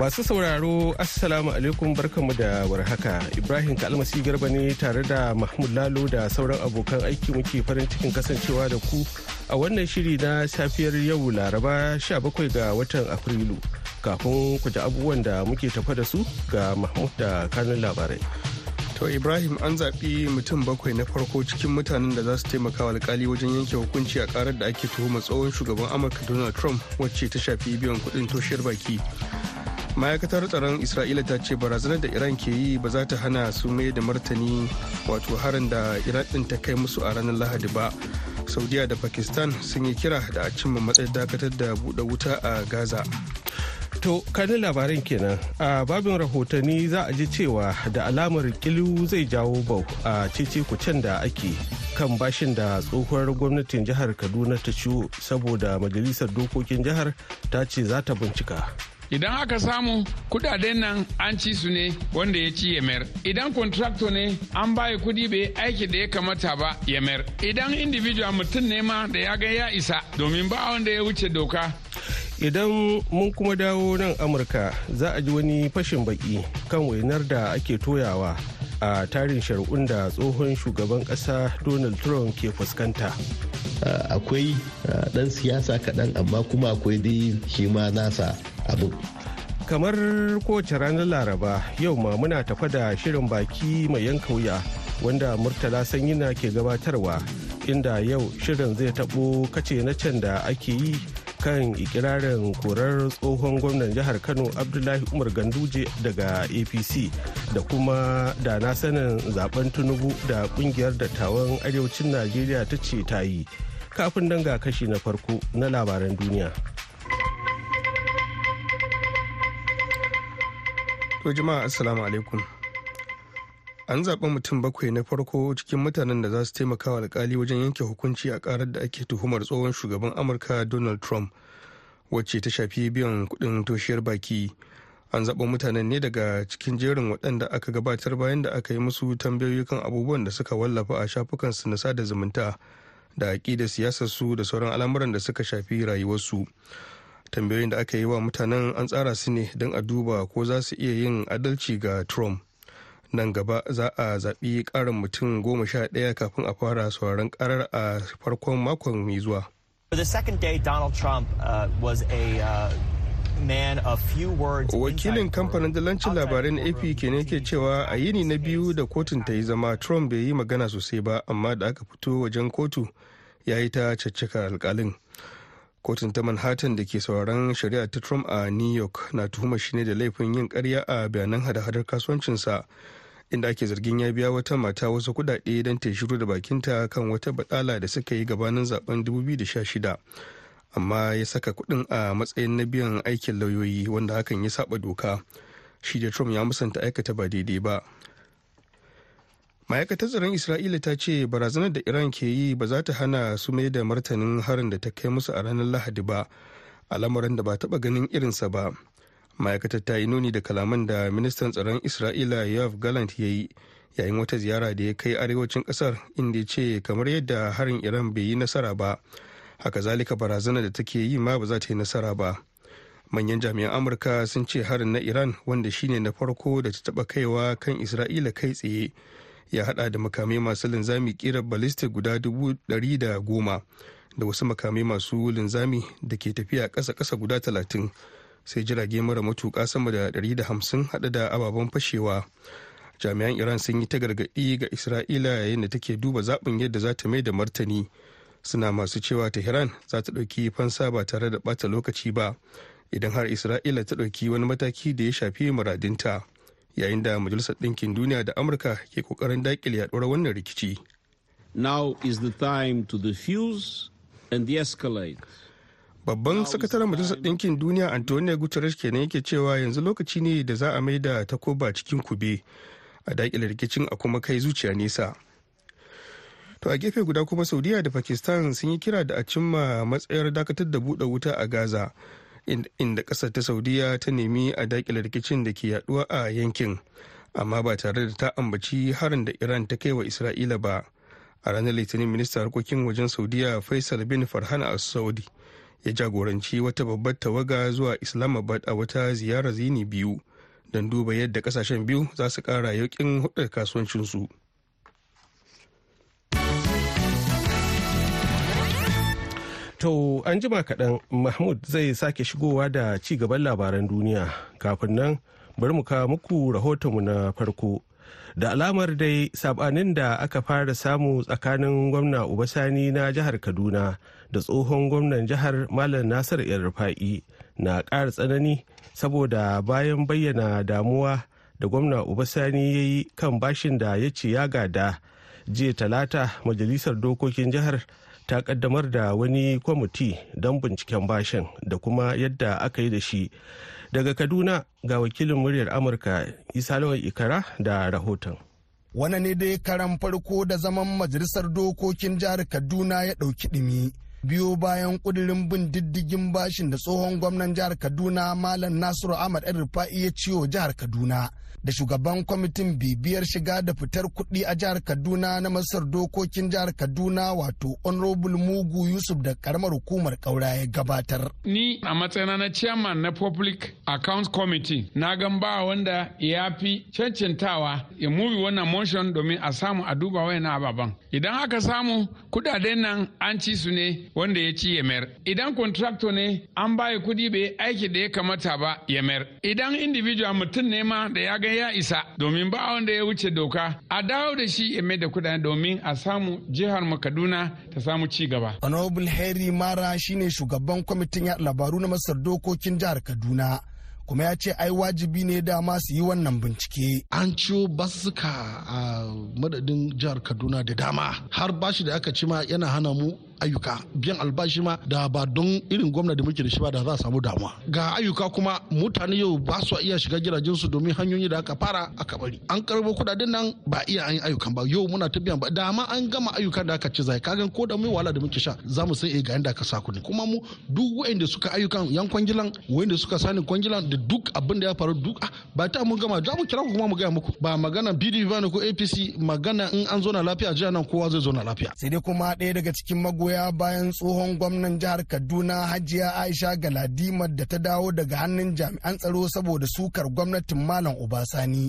Masu sauraro Assalamu alaikum barkanmu da warhaka Ibrahim Kalmasi Garba ne tare da Mahmud Lalo da sauran abokan aiki muke farin cikin kasancewa da ku a wannan shiri na safiyar yau Laraba 17 ga watan Afrilu. Kafin ku ji abubuwan da muke tafa da su ga Mahmud da kanun labarai. To Ibrahim an zaɓi mutum bakwai na farko cikin mutanen da za su taimaka wa alkali wajen yanke hukunci a karar da ake tuhumar tsohon shugaban Amurka Donald Trump wacce ta shafi biyan kuɗin toshiyar baki. ma'aikatar tsaron isra'ila ta ce barazanar da iran ke yi ba za ta hana su mai da martani wato harin da iran din ta kai musu a ranar lahadi ba saudiya da pakistan sun yi kira da a cimma matsayin dakatar da buɗe wuta a gaza To, kanin labaran kenan a babin rahotanni za a ji cewa da alamar kilu zai jawo bau a cece da ake kan bashin da tsohuwar gwamnatin jihar Kaduna ta ciwo saboda majalisar dokokin jihar ta ce za ta bincika. idan aka samu kudaden nan an ci su ne wanda ya ci ya mayar idan kontrakto ne an baya kudi bai aiki da ya kamata ba ya mayar idan individual mutum ne ma da ya ga ya isa domin ba wanda ya wuce doka idan mun kuma dawo nan amurka za a ji wani fashin baki kan wainar da ake toyawa a tarin shari'un da tsohon shugaban kasa donald trump ke fuskanta akwai dan ah, siyasa kaɗan amma kuma akwai dai shi ma nasa abu kamar kowace ranar laraba yau ma muna tafa da shirin baki mai yanka wuya wanda murtala sanyina ke gabatarwa inda yau shirin zai tabo kace na can da ake yi kan ikirarin korar tsohon gwamnan jihar kano abdullahi umar ganduje daga apc da kuma da na sanin zaben tunubu da kungiyar dattawan arewacin najeriya ta ce ta yi kafin danga kashi na farko na labaran duniya To jama'a assalamu alaikum. An zaɓi mutum bakwai na farko cikin mutanen da za su taimaka wa alkali wajen yanke hukunci a ƙarar da ake tuhumar tsohon shugaban Amurka Donald Trump wacce ta shafi biyan kuɗin toshiyar baki. An zaɓi mutanen ne daga cikin jerin waɗanda aka gabatar bayan da aka yi musu tambayoyi kan abubuwan da suka wallafa a shafukan su na sada zumunta da aƙidar siyasarsu da sauran al'amuran da suka shafi rayuwarsu. tambayoyin da aka yi wa mutanen an tsara su ne don a duba ko za su iya yin adalci ga trump nan gaba za a zaɓi ƙarin mutum goma sha ɗaya kafin a fara sauraron ƙarar a farkon makon mai zuwa uh, uh, wakilin kamfanin dalancin labarai na ap ke ne ke cewa a yini na biyu da kotun ta yi zama trump bai yi magana sosai ba amma da aka fito wajen kotu ya yi ta caccaka alkalin kotun ta manhattan da ke sauraron shari'a ta trump a new york na tuhumar shi ne da laifin yin karya a bayanan hada-hadar kasuwancinsa inda ake zargin ya biya wata mata wasu kudade don ta shiru da bakinta kan wata batsala da suka yi gabanin zaben 2016 amma ya saka kudin a matsayin na biyan aikin lauyoyi wanda hakan ya saba doka shi da trump ya musanta aikata ba daidai ba ma'aikatar tsaron isra'ila ta ce barazanar da iran ke yi ba za ta hana su mai da martanin harin da ta kai musu a ranar lahadi ba a lamarin da ba taba ganin irinsa ba ma'aikatar ta yi nuni da kalaman da ministan tsaron isra'ila yoav galant ya yi yayin wata ziyara da ya kai arewacin kasar inda ya ce kamar yadda harin iran bai yi nasara ba haka zalika barazanar da take yi ma ba za ta yi nasara ba manyan jami'an amurka sun ce harin na iran wanda shine na farko da ta taba kaiwa kan isra'ila kai tsaye ya hada da makamai masu linzami kira ballistic guda dubu ɗari da goma da wasu makamai masu linzami da ke tafiya kasa kasa guda talatin sai jirage mara matuka sama da ɗari da hamsin hada da ababen fashewa jami'an iran sun yi ta gargaɗi ga isra'ila yayin da take duba zaɓin yadda za ta mai da martani suna masu cewa tehran za ta ɗauki fansa ba tare da ɓata lokaci ba idan har isra'ila ta ɗauki wani mataki da ya shafi muradinta. yayin da majalisar ɗinkin duniya da amurka ke ƙoƙarin ya yaɗuwar wannan rikici now is the time to defuse and de-escalate babban sakataren majalisar ɗinkin duniya antonio guterres kenan yake cewa yanzu lokaci ne da za a maida takoba cikin kube a dakile rikicin a kuma kai zuciya nesa to a gefe guda kuma saudiya da pakistan sun yi kira da a cimma matsayar dakatar da buɗe wuta a gaza inda ƙasar ta saudiya ta nemi a dakile rikicin da ke yaduwa a yankin amma ba tare da ta ambaci harin da iran ta kai wa isra'ila ba a ranar litinin minista harkokin wajen saudiya faisal bin farhan al saudi ya jagoranci wata babbar tawaga zuwa islamabad a wata ziyarar zini biyu don duba yadda kasashen biyu za su kara yaukin hudar kasuwancinsu To an jima kaɗan Mahmud zai sake shigowa da ci gaban labaran duniya kafin nan bari mu kawo muku rahotonmu na farko. Da alamar dai sabanin da aka fara samu tsakanin gwamna Ubasani na jihar Kaduna da tsohon gwamnan jihar Malam Nasir Rufa'i na ƙara tsanani saboda bayan bayyana damuwa da gwamna Ubasani ya yi kan bashin da ya ce ya gada jiya talata majalisar dokokin jihar ta kaddamar da wani kwamiti don binciken bashin da kuma yadda aka yi da shi daga kaduna ga wakilin muryar amurka isa lawan ikara da rahoton wani ne dai karan farko da zaman majalisar dokokin jihar kaduna ya ɗauki ɗimi biyo bayan ƙudirin bin diddigin bashin da tsohon gwamnan jihar kaduna malam nasiru ahmad rufa'i ya ciwo jihar kaduna da shugaban kwamitin bibiyar shiga da fitar kuɗi a jihar kaduna na masar dokokin jihar kaduna wato honorable mugu yusuf da karamar hukumar kaura ya gabatar ni a matsayina na chairman na public account committee na gan ba wanda ya fi cancantawa ya mubi wannan motion domin a samu a duba wayannan ababen idan aka samu kudaden nan an ci su ne wanda ya ci yamer idan contractor ne an baya kudi bai aiki da ya kamata ba ya idan individual mutum ne ma da ya kaga ya isa domin ba wanda ya wuce doka a dawo da shi ya mai da kudade domin a samu jihar makaduna ta samu ci gaba. Honorable Harry Mara shine shugaban kwamitin yaɗa labaru na Masar dokokin jihar Kaduna. kuma ya ce ai wajibi ne dama su yi wannan bincike. An ciwo basuka a madadin jihar Kaduna da dama har bashi da aka cima yana hana mu ayyuka biyan albashi ma da ba don irin gwamna da muke da shi ba da za a samu damuwa ga ayyuka kuma mutane yau ba su iya shiga su domin hanyoyi da aka fara aka bari an karbo kudaden nan ba iya an yi ayyukan ba yau muna ta biyan ba da ma an gama ayyukan da aka ci zai kagan ko da mai wala da muke sha za mu san eh ga inda aka sa kuɗi kuma mu duk wa'anda suka ayyukan yan kwangilan wa'anda suka sani kwangilan da duk abin da ya faru duk ah, ba ta mun gama za mu kira ku kuma mu gaya muku ba magana PDP ba ne ko APC magana in an zo na lafiya jiya nan kowa zai zo na lafiya sai dai kuma ɗaya daga cikin magoya ya bayan tsohon gwamnan jihar kaduna hajiya aisha galadimar da ta dawo daga hannun jami'an tsaro saboda sukar gwamnatin malam obasani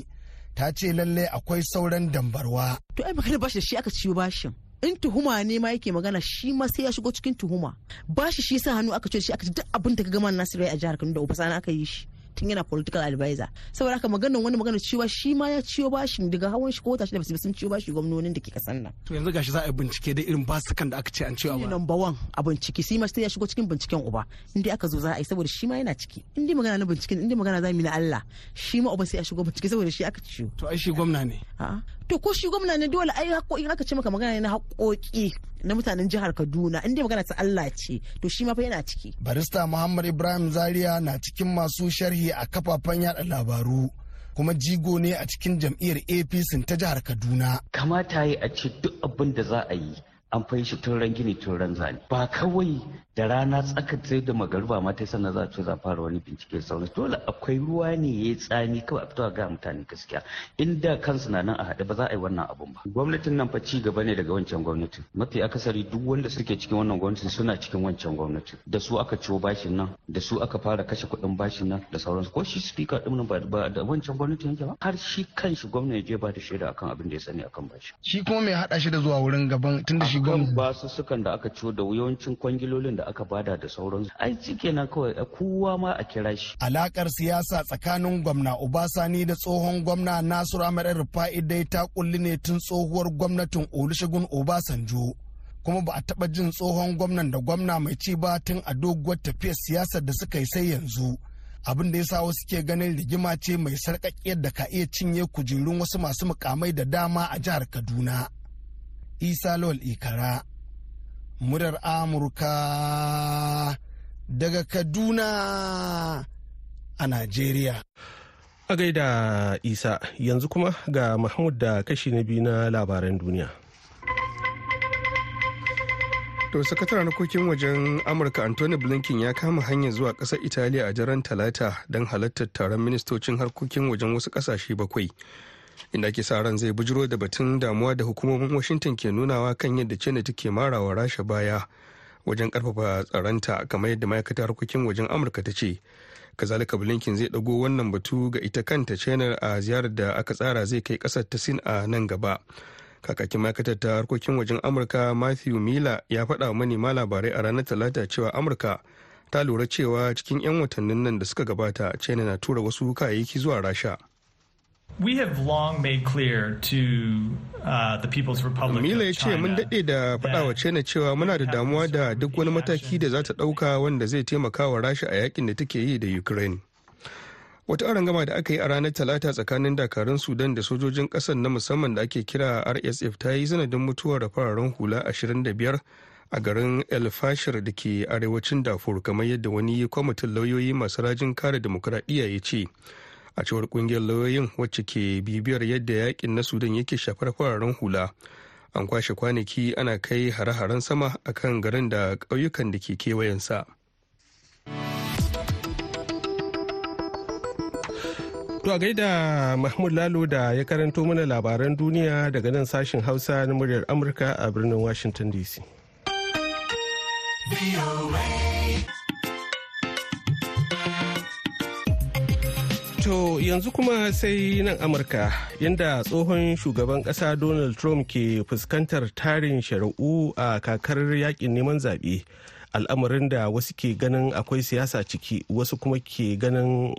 ta ce lallai akwai sauran dambarwa to ai magana bashi da shi aka ciwo bashin in tuhuma ne ma yake magana shi ma sai ya shigo cikin tuhuma bashi shi sa hannu aka ce shi aka ci duk abin da ka gama nasiru a jihar kaduna da obasani aka yi shi tun yana political advisor saboda haka maganar wani magana cewa shi ma ya ciyo bashin daga hawan shi ko tashi shi da sun ciyo bashi gwamnonin da ke kasan nan to yanzu gashi za a yi bincike da irin basukan da aka ce an ciyo ba number one a bincike shi ma sai ya shigo cikin binciken uba inda aka zo za a yi saboda shi ma yana ciki inda magana na binciken inda magana za mu yi na Allah shi ma uba sai ya shigo bincike saboda shi aka ciyo to ai shi gwamna ne a'a to ko shi gwamna ne dole ai haƙoƙi aka ce maka magana ne na haƙoƙi na mutanen jihar Kaduna in dai magana ta Allah ce to shi ma fa yana ciki barista Muhammad Ibrahim Zaria na cikin masu sharhi a kafafen yada labaru kuma jigo ne a cikin jam'iyyar APC ta jihar Kaduna kamata yi a ce duk abin da za a yi an fahimci tun ran gini tun ran zane ba kawai da rana tsaka sai da magaruba ma ta sannan za a ce za fara wani bincike sauran dole akwai ruwa ne ya yi tsami kawai a fito ga mutane gaskiya inda kansu na nan a haɗe ba za a yi wannan abun ba gwamnatin nan fa ci gaba ne daga wancan gwamnatin mafi akasari duk wanda suke cikin wannan gwamnatin suna cikin wancan gwamnatin da su aka ciwo bashin nan da su aka fara kashe kuɗin bashin nan da sauransu ko shi speaker din nan ba da wancan gwamnatin yake ba har shi kanshi gwamna ya je ba da shaida akan abin da ya sani akan bashi shi kuma mai haɗa shi da zuwa wurin gaban tunda shi gwamnati ba su sukan da aka ciwo da yawancin kwangilolin da aka bada da sauran ai cike na kawai kowa ma a kira shi alakar siyasa tsakanin gwamna obasani da tsohon gwamna nasiru ahmed rufa'i dai ta kulli ne tun tsohuwar gwamnatin olusegun obasanjo kuma ba a taba jin tsohon gwamnan da gwamna mai ci ba tun a doguwar tafiyar siyasar da suka yi sai yanzu abin da ya sa wasu ke ganin rigima ce mai sarƙaƙiyar da ka iya cinye kujerun wasu masu mukamai da dama a jihar kaduna isa lawal ikara murar Amurka daga Kaduna a Najeriya. A gaida Isa yanzu kuma ga Mahmud da kashi na biyu na labaran duniya. To sakataren harkokin wajen Amurka Anthony Blinken ya kama hanya zuwa ƙasar Italiya a daren Talata don halartar taron ministocin harkokin wajen wasu ƙasashe bakwai. inda ake sa ran zai bujiro da batun damuwa da hukumomin washington ke nunawa kan yadda china take marawa rasha baya wajen karfafa tsaronta kamar yadda ma'aikatar harkokin wajen amurka ta ce kazalika blinken zai dago wannan batu ga ita kanta china a ziyarar da aka tsara zai kai kasar ta sin a nan gaba kakakin ma'aikatar ta harkokin wajen amurka matthew miller ya faɗa manema labarai a ranar talata cewa amurka ta lura cewa cikin 'yan watannin nan da suka gabata china na tura wasu kayayyaki zuwa rasha We have long made clear to Uh, the People's Mila ya ce mun daɗe da faɗawa China cewa muna da damuwa da duk wani mataki da za ta ɗauka wanda zai taimaka wa Rasha a yakin da take yi da Ukraine. Wata arangama da aka yi a ranar Talata tsakanin dakarun Sudan da sojojin ƙasar na musamman da ake kira RSF ta yi sanadin mutuwar da fararen hula 25 a garin El Fashir da ke arewacin Darfur kamar yadda wani kwamitin lauyoyi masu rajin kare dimokuraɗiyya ya ce. a cewar kungiyar lauyoyin wacce ke bibiyar yadda yakin na sudan yake shafar fararen hula an kwashe kwanaki ana kai hare-haren sama akan garin da ƙauyukan da ke kewayensa To a gaida Mahmud Lalo da ya karanto mana labaran duniya daga nan sashen Hausa na muryar Amurka a birnin Washington DC. To yanzu kuma sai nan Amurka yadda tsohon shugaban ƙasa Donald Trump ke fuskantar tarin shari'u a kakar yakin neman zaɓe. Al'amarin da wasu ke ganin akwai siyasa ciki wasu kuma ke ganin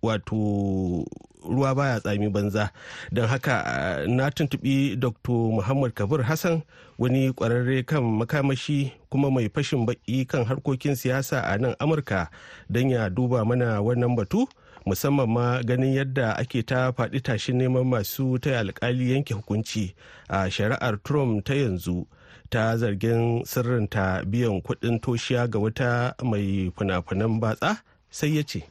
wato ruwa baya tsami banza. Don haka eh, na tuntubi Dr. Muhammad Kabir Hassan wani ƙwararre kan makamashi kuma mai fashin baƙi kan harkokin siyasa a nan Amurka don ya duba mana wannan batu. musamman ma ganin yadda ake ta faɗi tashin neman masu taya alkali yanke hukunci a shari'ar trump ta yanzu ta zargin sirrinta biyan kuɗin toshiya ga wata mai fina-finan batsa sai ya ce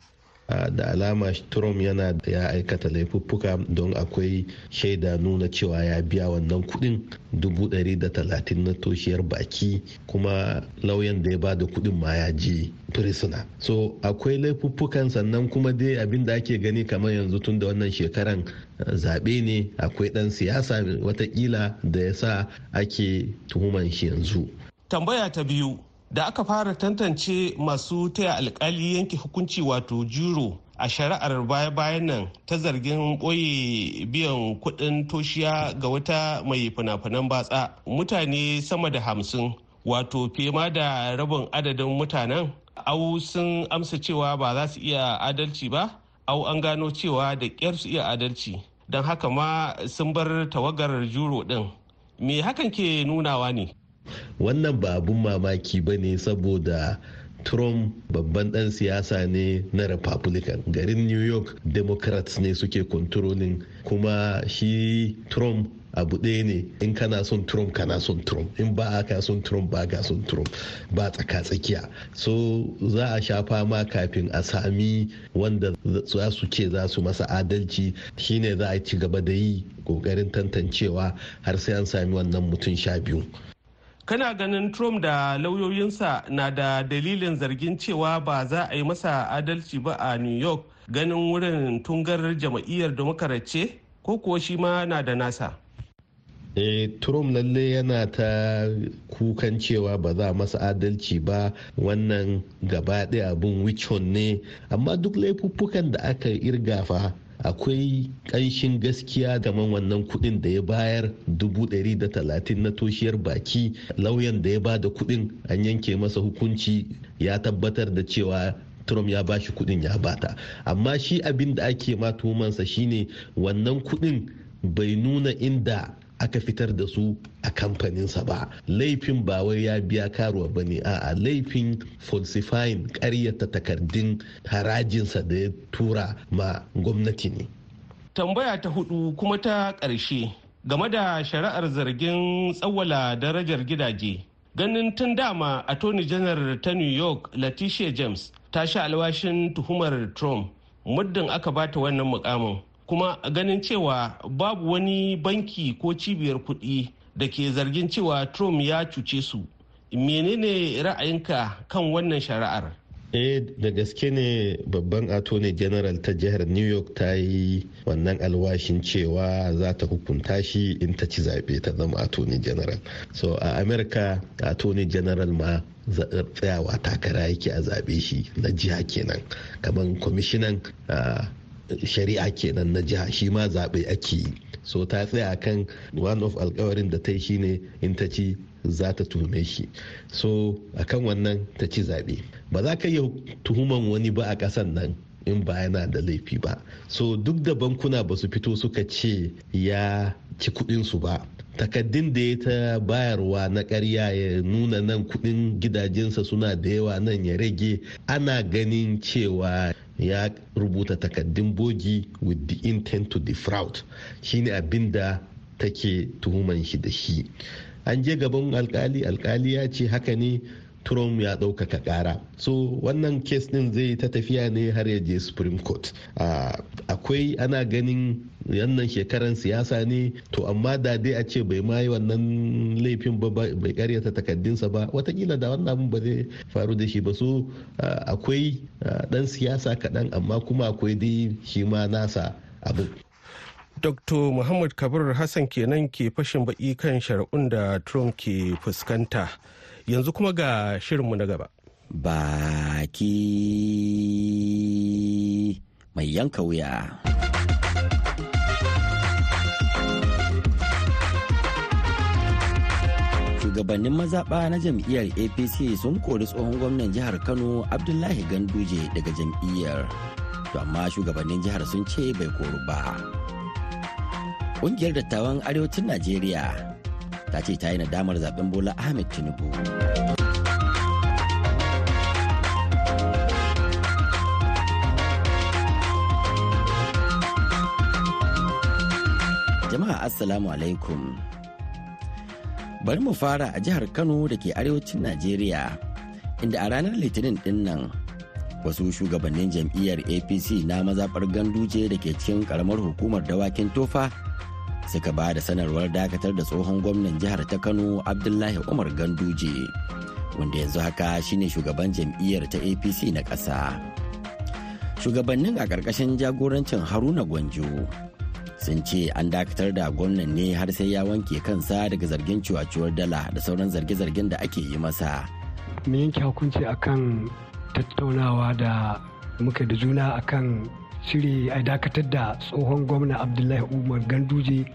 da alama trump yana ya aikata laifuffuka don akwai shaida nuna cewa ya biya wannan kudin dubu ɗari da talatin na toshiyar baki kuma lauyan da ya ba da kudin ma ya je prisoner so akwai laifuffukan sannan kuma dai abinda ake gani kamar yanzu tun da wannan shekaran zaɓe ne akwai ɗan siyasa watakila da ya sa ake tuhuman shi yanzu tambaya ta biyu da aka fara tantance masu taya alkali yanke hukunci wato juro a shari'ar baya-bayan nan ta zargin ɓoye biyan kuɗin toshiya ga wata mai fina-finan batsa mutane sama da hamsin wato fema da rabin adadin mutanen au sun amsa cewa ba za su iya adalci ba au an gano cewa da ƙyar su iya adalci don haka ma sun bar tawagar juro ɗin me hakan ke nunawa ne wannan ba abun mamaki ba ne saboda Trump babban dan siyasa ne na Republican. Garin New York Democrats ne suke kontrolin kuma shi Trump abu ɗaya ne in kana son Trump kana son Trump in ba a ka son Trump ba ka son Trump ba tsaka tsakiya so za a sha fama kafin a sami wanda za su ce za su masa adalci shine za a ci gaba da yi kokarin tantancewa har sai an sami wannan mutum sha biyu kana ganin trump da lauyoyinsa na da dalilin zargin cewa ba za a yi masa adalci ba a new york ganin wurin tungar jama'iyyar democrat ce ko kuwa shi ma na da nasa e trump lalle yana ta kukan cewa ba za masa adalci ba wannan gaba ɗaya abin wichon ne amma duk laifuffukan da aka fa. akwai ƙanshin gaskiya kamar wannan kuɗin da ya bayar dubu ɗari da talatin na toshiyar baki lauyan da ya ba da kuɗin an yanke masa hukunci ya tabbatar da cewa Trump ya bashi kuɗin ya bata amma shi abin da ake matumansa shine wannan kuɗin bai nuna inda aka fitar da su a kamfaninsa ba laifin ba wai ya biya karuwa ba ne a'a laifin falsifying karyata takardun harajinsa da ya tura ma gwamnati ne tambaya ta hudu kuma ta ƙarshe game da shari'ar zargin tsawala darajar gidaje ganin tun dama a tony general ta new york latisha james ta sha alwashin tuhumar trump muddin aka bata wannan mukamin kuma ganin cewa babu wani banki ko cibiyar kuɗi da ke zargin cewa trump ya cuce su menene ra'ayinka kan wannan shari'ar eh da gaske ne babban attorney general ta jihar new york ta yi wannan alwashin cewa za ta hukunta shi in ta ci zaɓe ta zama attorney general so a america attorney general ma tsayawa takara yake a zaɓe shi na jiha kenan kamar kwamishinan ah, shari'a kenan na jiha shi ma zaɓe ake yi so ta tsaya kan one of alkawarin da ta yi shine in ta ci za ta tuhume shi so akan wannan ta ci zaɓe ba za ka yi tuhuman wani ba a ƙasan nan in ba yana da laifi ba so duk da bankuna ba su fito suka ce ya ci kuɗinsu ba takaddun da ya ta bayarwa na karya ya nuna nan kudin gidajensa suna da yawa nan ya rage ana ganin cewa ya rubuta takaddun bogi with the intent to defraud shine abin da take tuhuman shi da shi an je gaban alkali alkali ya ce haka ne trump ya ɗaukaka ƙara so wannan kes ɗin zai ta tafiya ne har ya je supreme court akwai ana ganin yannan shekaran siyasa ne to amma da dai a ce bai ma yi wannan laifin ba bai karyata takaddinsa ba watakila da wannan abin ba zai faru da shi ba so akwai ɗan siyasa kaɗan amma kuma akwai dai shi ma nasa abin dr muhammad kabir hassan kenan ke fashin baki kan shari'un da trump ke fuskanta yanzu kuma ga shirinmu na gaba baki mai yanka wuya shugabannin mazaɓa na jam'iyyar apc sun kori tsohon gwamnan jihar kano abdullahi ganduje daga jam'iyyar to amma shugabannin jihar sun ce bai koru ba ƙungiyar dattawan arewacin najeriya ta ce ta yi nadamar zaben bola ahmed tinubu jama'a assalamu alaikum bari mu fara a jihar kano da ke arewacin najeriya inda a ranar litinin din wasu shugabannin jam'iyyar apc na mazaɓar ganduje da ke cikin ƙaramar hukumar dawakin tofa suka ba da sanarwar dakatar da tsohon gwamnan jihar ta kano abdullahi umar ganduje wanda yanzu haka shine shugaban jam'iyyar ta apc na ƙasa shugabannin a ƙarƙashin jagorancin haruna gwanjo sun ce an dakatar da gwamnan ne har sai ya wanke kansa daga zargin cuwacuwar dala da sauran zarge-zargen da ake yi masa mun yanke hukunci akan tattaunawa da muka da juna akan cire a dakatar da tsohon gwamna abdullahi umar ganduje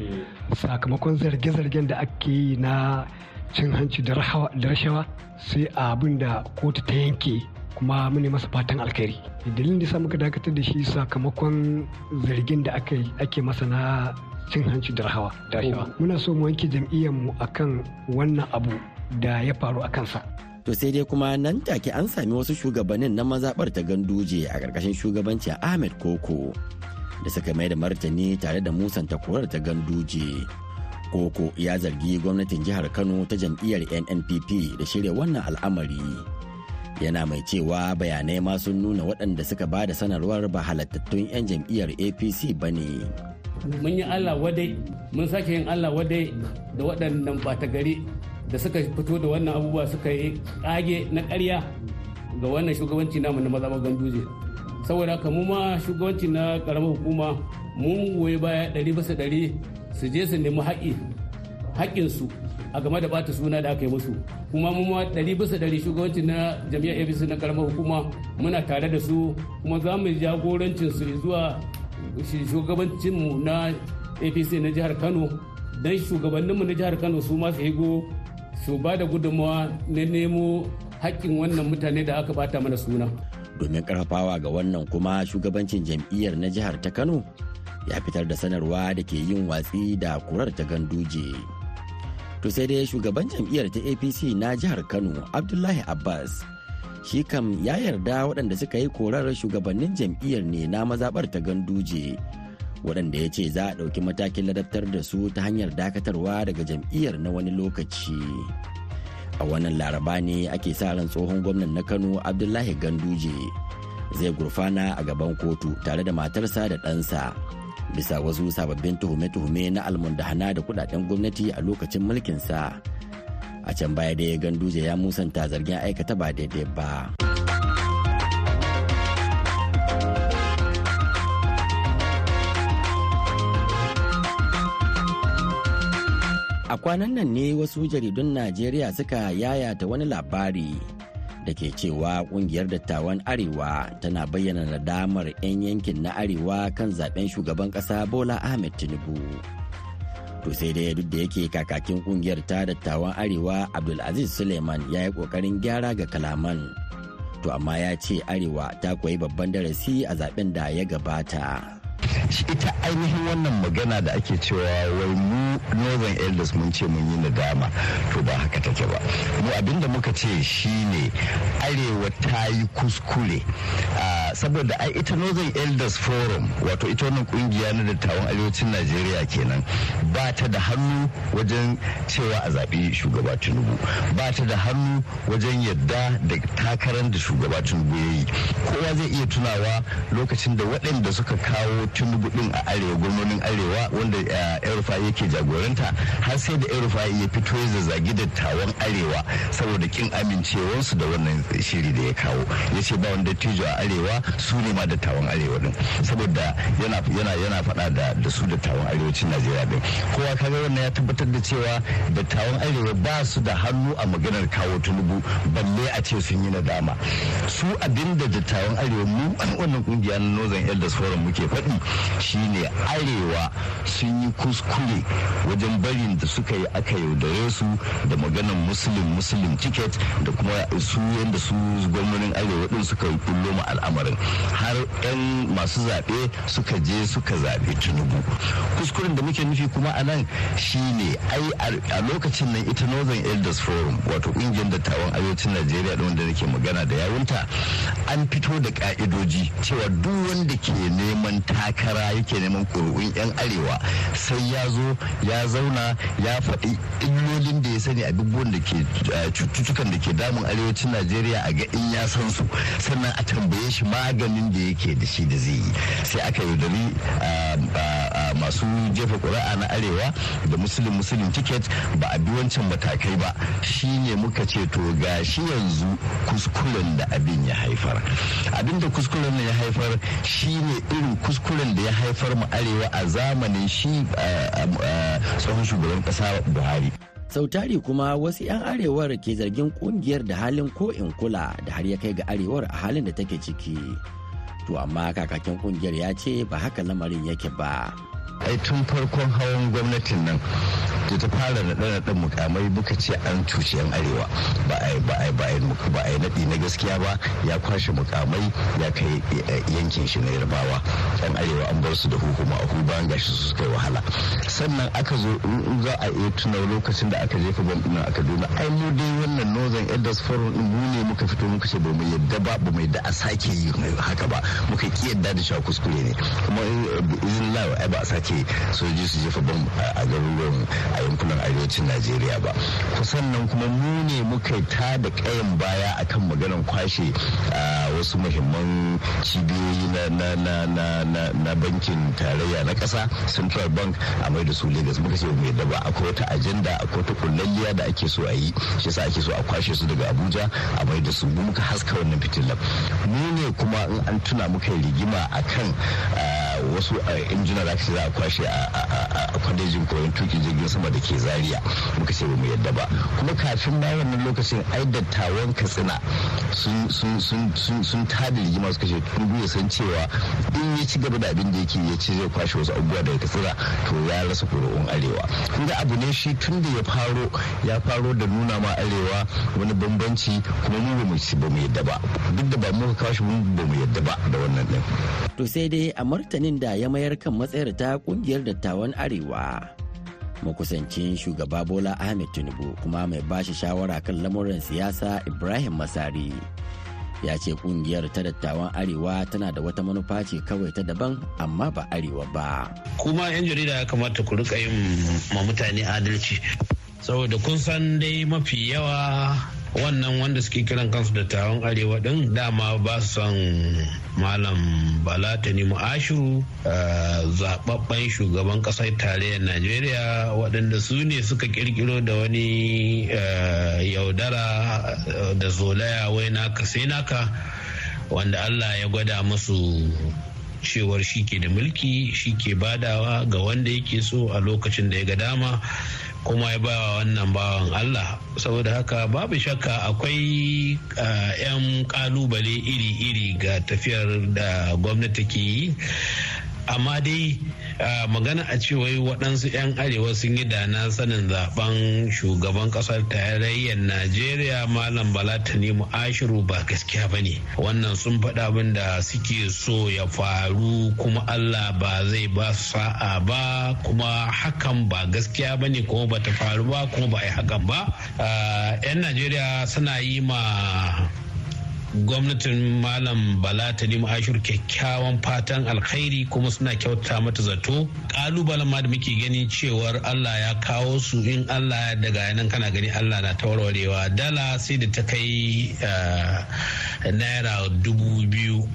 sakamakon zarge-zargen da ake yi na cin hanci da rashawa sai abin da kotu ta yanke kuma mune masa fatan alkhairi dalilin da muka dakatar da shi sakamakon zargin da ake masa na cin hanci da rashawa. muna so mu wanke jam'iyyar mu akan wannan abu da ya faru a kansa to sai dai kuma nan take an sami wasu shugabannin na mazaɓar ta ganduje a ƙarƙashin a ahmed koko da suka mai da martani tare da musanta korar ta ganduje koko ya zargi gwamnatin jihar kano ta jam'iyyar nnpp da shirya wannan al'amari yana mai cewa bayanai ma sun nuna waɗanda suka ba da sanarwar ba halattattun 'yan jam'iyyar apc ba ne mun yi allah wadai mun sake yin allah wadai da waɗannan ta gari da suka fito da wannan abubuwa suka yi kage na karya ga wannan shugabanci namu na mazaɓa ganduje saboda haka mu ma shugabanci na karamar hukuma mun goyi baya ɗari bisa ɗari su je su nemi haƙi haƙƙinsu a game da bata suna da aka yi musu kuma mu ma ɗari bisa ɗari shugabanci na jami'ar abc na karamar hukuma muna tare da su kuma za mu jagorancin su zuwa shugabancinmu na apc na jihar kano don shugabanninmu na jihar kano su masu higo su ba da gudunmawa na nemo haƙƙin wannan mutane da aka bata mana suna. Domin karfafawa ga wannan kuma shugabancin jam'iyyar na jihar ta Kano ya fitar da sanarwa da ke yin watsi da kurar ta ganduje. To sai dai shugaban jam'iyyar ta APC na jihar Kano Abdullahi Abbas shi kam ya yarda waɗanda suka yi korar shugabannin jam'iyyar ne na mazaɓar ta ganduje waɗanda ya ce za a ɗauki matakin ladabtar da su ta hanyar dakatarwa daga jam'iyyar na wani lokaci a wannan laraba ne ake sa ran tsohon gwamnan na kano abdullahi ganduje zai gurfana a gaban kotu tare da matarsa da ɗansa bisa wasu sababbin tuhume-tuhume na almundahana da kudaden gwamnati a lokacin mulkinsa a can baya dai ya ganduje ya musanta zargin aikata ba daidai ba. a kwanan nan ne wasu jaridun najeriya suka yayata wani labari da ke cewa kungiyar dattawan arewa tana bayyana nadamar 'yan yankin na arewa kan zaben shugaban kasa bola ahmed tinubu to sai dai duk da yake kakakin kungiyar ta dattawan arewa abdulaziz suleiman ya yi kokarin gyara ga kalaman to amma ya ce arewa ta koyi babban darasi a zaben da ya gabata ita ainihin wannan magana da ake cewa wai mu northern elders mun ce mun yi nadama to ba haka take ba mu abinda muka ce shine arewa ta yi kuskure a ah, saboda ai ita northern elders forum wato ita wannan kungiya na dattawan arewacin najeriya kenan ba ta da hannu wajen cewa a zaɓi shugaba tinubu ba ta da hannu wajen yadda da takarar da shugaba tinubu ya yi kowa zai iya tunawa lokacin da waɗanda suka kawo tinubu din a arewa gwamnonin arewa wanda erufa eh, yake jagoranta har sai da erufa ya fito ya zazzagi dattawan arewa saboda kin amincewarsu da wannan shiri da ya kawo ya ce ba wani dattijo a arewa su ne ma dattawan arewa din saboda yana yana yana faɗa da da su dattawan arewacin najeriya din kowa kaga wannan ya tabbatar da cewa dattawan arewa ba su da hannu a maganar kawo tulubu balle a ce sun yi na dama su abinda dattawan arewa mu an wannan kungiya na northern elders forum muke faɗi shine arewa sun yi kuskure wajen barin da suka yi aka yaudare su da maganar muslim muslim ticket da kuma su yanda su gwamnonin arewa din suka yi kullo har 'yan masu zaɓe suka je suka zaɓe tinubu kuskuren da muke nufi kuma a nan shine ai a lokacin nan ita northern elders forum wato ƙungiyar dattawan arewacin najeriya da wanda nake magana da yawunta an fito da ka'idoji cewa duk wanda ke neman takara yake neman ƙuri'un 'yan arewa sai ya zo ya zauna ya faɗi illolin da ya sani abubuwan da ke eh, cututtukan da ke damun arewacin najeriya a ga in ya san su sannan a tambaye shi ma maganin da yake da shi da zai yi sai aka yaudari ah, ah, ah, masu jefa ƙuri'a na arewa da musulun musulun ticket ba a bi wancan matakai ba shine muka ce to gashi yanzu kuskuren da abin ya haifar abin da kuskuren ya haifar shine irin kuskuren da ya haifar mu arewa a zamanin shi tsohon shugaban ƙasa buhari sautari kuma wasu 'yan arewar ke zargin kungiyar da halin ko in kula da har ya kai ga arewar a halin da take ciki to amma kakakin kungiyar ya ce ba haka lamarin yake ba ai tun farkon hawan gwamnatin nan da ta fara naɗe-naɗen mukamai muka ce an cuci yan arewa ba a ba a ba a ba a naɗi na gaskiya ba ya kwashe mukamai ya kai eh, eh, yankin shi na yarbawa yan arewa an bar su da hukuma a huban gashi su kai wahala sannan aka zo in za a iya tuna lokacin da aka jefa bom din a kaduna ai mu dai wannan northern elders forum ɗin mu ne muka fito muka ce ba mu yadda ba ba mu yadda a sake yi haka ba muka ki yadda da sha kuskure ne kuma eh, izin lawa ai ba a sake ke soji su jefa bam a garuruwan a yankunan arewacin najeriya ba nan kuma mu ne muka ta da kayan baya akan maganar kwashe wasu muhimman cibiyoyi na bankin tarayya na kasa central bank a mai da su lagos muka ce mu yadda ba akwai wata ajanda akwai wata kullalliya da ake so a yi shi yasa ake so a kwashe su daga abuja a mai da su mu muka haska wannan fitilan mu ne kuma in an tuna muka yi rigima akan wasu injina da za a kwashe a kwalejin koyon tuki jirgin sama da ke Zariya muka ce mu yadda ba kuma kafin na wannan lokacin ai dattawan katsina sun tada rigima suka ce tun ya san cewa in ya ci gaba da abin da yake ya ci zai kwashe wasu abubuwa daga katsina to ya rasa kuru'un arewa kun abu ne shi tun da ya faro ya faro da nuna ma arewa wani bambanci kuma mu ba mu ba mu yadda ba duk da ba mu ka kashi mu ba mu yadda ba da wannan din to sai dai a martanin da ya mayar kan matsayar ta kungiyar dattawan arewa makusancin shugaba bola ahmed tinubu kuma mai bashi shawara kan lamuran siyasa ibrahim masari ya ce kungiyar ta dattawan arewa tana da wata manufa ce kawai ta daban amma ba arewa ba kuma 'yan jarida ya kamata ku rika yin ma mutane adalci saboda kun san dai mafi yawa wannan wanda suke kiran kansu da taron arewa din dama ba su son malam bala ta nemi ashiru eh, zababben shugaban kasar tarayyar najeriya waɗanda su ne suka kirkiro da wani eh, yaudara eh, da zolaya wai naka sai naka wanda allah ya gwada musu cewar shi ke da mulki shi ke badawa ga wanda yake so a lokacin da ya ga dama kuma ya bawa wannan bawan Allah saboda haka babu shakka akwai 'yan eh, kalubale iri-iri ga tafiyar da gwamnati ke yi amma dai magana a cewai waɗansu 'yan arewa sun yi dana sanin zaben shugaban ƙasar tarayyar najeriya malam bala ta nemo ashiru ba gaskiya ba ne wannan sun faɗa abin da suke so ya faru kuma allah ba zai ba su sa'a ba kuma hakan ba gaskiya ba ne kuma ba ta faru ba kuma ba a yi hakan ba 'yan najeriya suna yi ma gwamnatin malam bala ta nemi ashur kyakkyawan fatan alkhairi kuma suna kyauta mata zato kalubalen ma da muke ganin cewar allah ya kawo su in allah ya daga nan kana gani allah na ta dala sai da ta kai eh, naira dubu biyu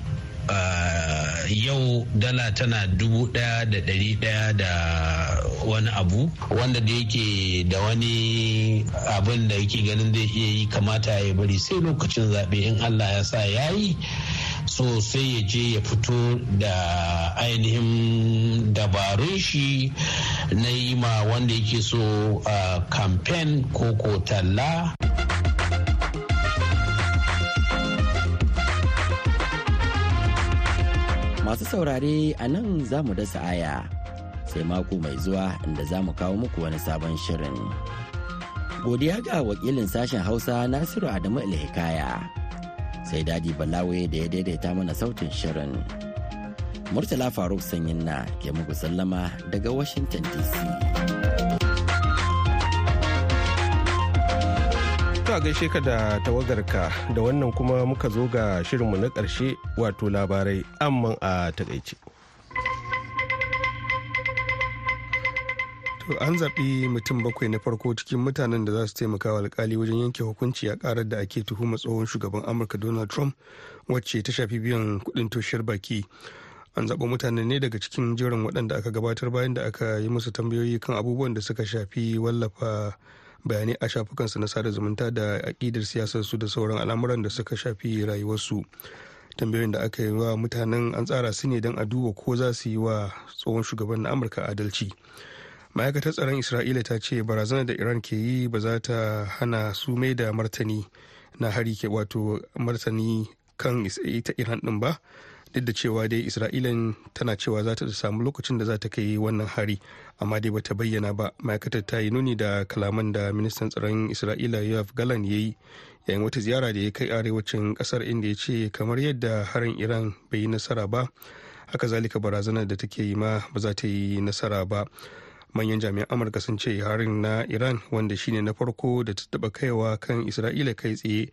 Eh, yau dala tana dubu daya da dari daya da wani abu wanda da yake da wani abin da yake ganin zai iya yi kamata ya bari sai lokacin zaɓe in allah ya sa ya yi so sai ya je ya fito da ainihin dabarun shi na yi ma wanda yake so kamfen eh, ko ko talla. masu saurare a nan za mu dasa aya sai mako mai zuwa inda za mu kawo muku wani sabon shirin. Godiya ga wakilin sashen Hausa Nasiru Adamu Ilhikaya sai Dadi Balawe da ya daidaita mana sautin shirin. Murtala Faruk Sanyin na ke muku sallama daga Washington DC. a gaishe ka da tawagarka da wannan kuma muka zo ga shirinmu na ƙarshe wato labarai amman a takaice. an zaɓi mutum bakwai na farko cikin mutanen da za su taimaka wa alkali wajen yanke hukunci a ƙarar da ake tuhumar tsohon shugaban amurka donald trump wacce ta shafi biyan kuɗin toshiyar baki an zaɓi mutane ne daga cikin jerin waɗanda aka gabatar bayan da aka yi musu tambayoyi kan abubuwan da suka shafi wallafa bayanai a shafukansu na sada zumunta da aƙidar siyasarsu da sauran al'amuran da suka shafi rayuwarsu tambayoyin da aka yi wa mutanen an tsara su ne don a duba ko za su yi wa tsohon shugaban na amurka adalci ma'aikatar tsaron isra'ila ta ce barazana da iran ke yi ba za ta hana su mai da martani na hari ke wato martani kan ita iran din ba duk da cewa dai isra'ila tana cewa za ta samu lokacin da za ta kai wannan hari amma dai bata bayyana ba ma'aikatar ta yi nuni da kalaman da ministan tsaron isra'ila yoav galan ya yi yayin wata ziyara da ya kai arewacin kasar inda ya ce kamar yadda harin iran bai yi nasara ba haka zalika barazanar da take yi ma ba za ta yi nasara ba manyan jami'an amurka sun ce harin na iran wanda shine na farko da ta taba kaiwa kan isra'ila kai tsaye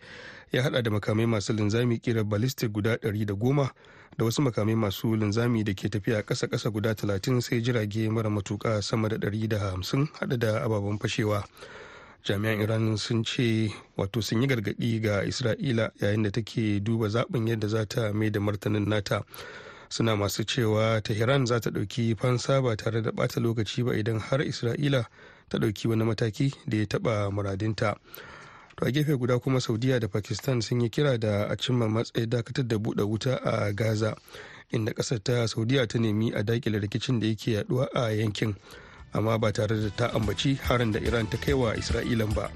ya hada da makamai masu linzami kira ballistic guda 110 da wasu makamai masu linzami da ke tafiya kasa kasa guda 30 sai jirage mara matuka sama da 150 hada da ababen fashewa jami'an iran sun ce wato sun yi gargadi ga isra'ila yayin da take duba zaɓin yadda za ta mai da martanin nata suna masu cewa tehran za ta ɗauki fansa ba tare da bata lokaci ba idan har isra'ila ta ɗauki wani mataki da ya taba muradinta to a gefe guda kuma saudiya da pakistan sun yi kira da a cimma matsayi dakatar da buɗe wuta a gaza inda ƙasar ta saudiya ta nemi a dakile rikicin da yake yaduwa a yankin amma ba tare da ta ambaci harin da iran ta kai wa isra'ilan ba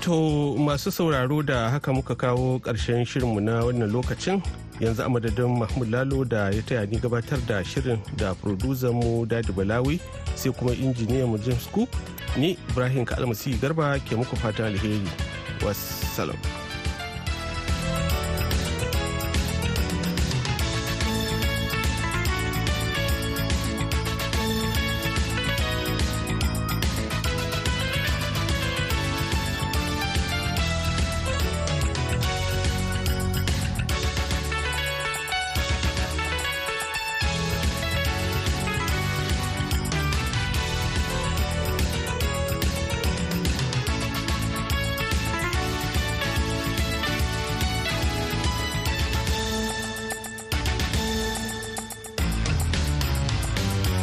to masu sauraro da haka muka kawo ƙarshen shirinmu na wannan lokacin yanzu a madadin mahmud lalo da ya taya ni gabatar da shirin da producer mu dadi balawi sai kuma injiniyan mu james cook ni ibrahim kalmasi garba ke muku fatan alheri wassalam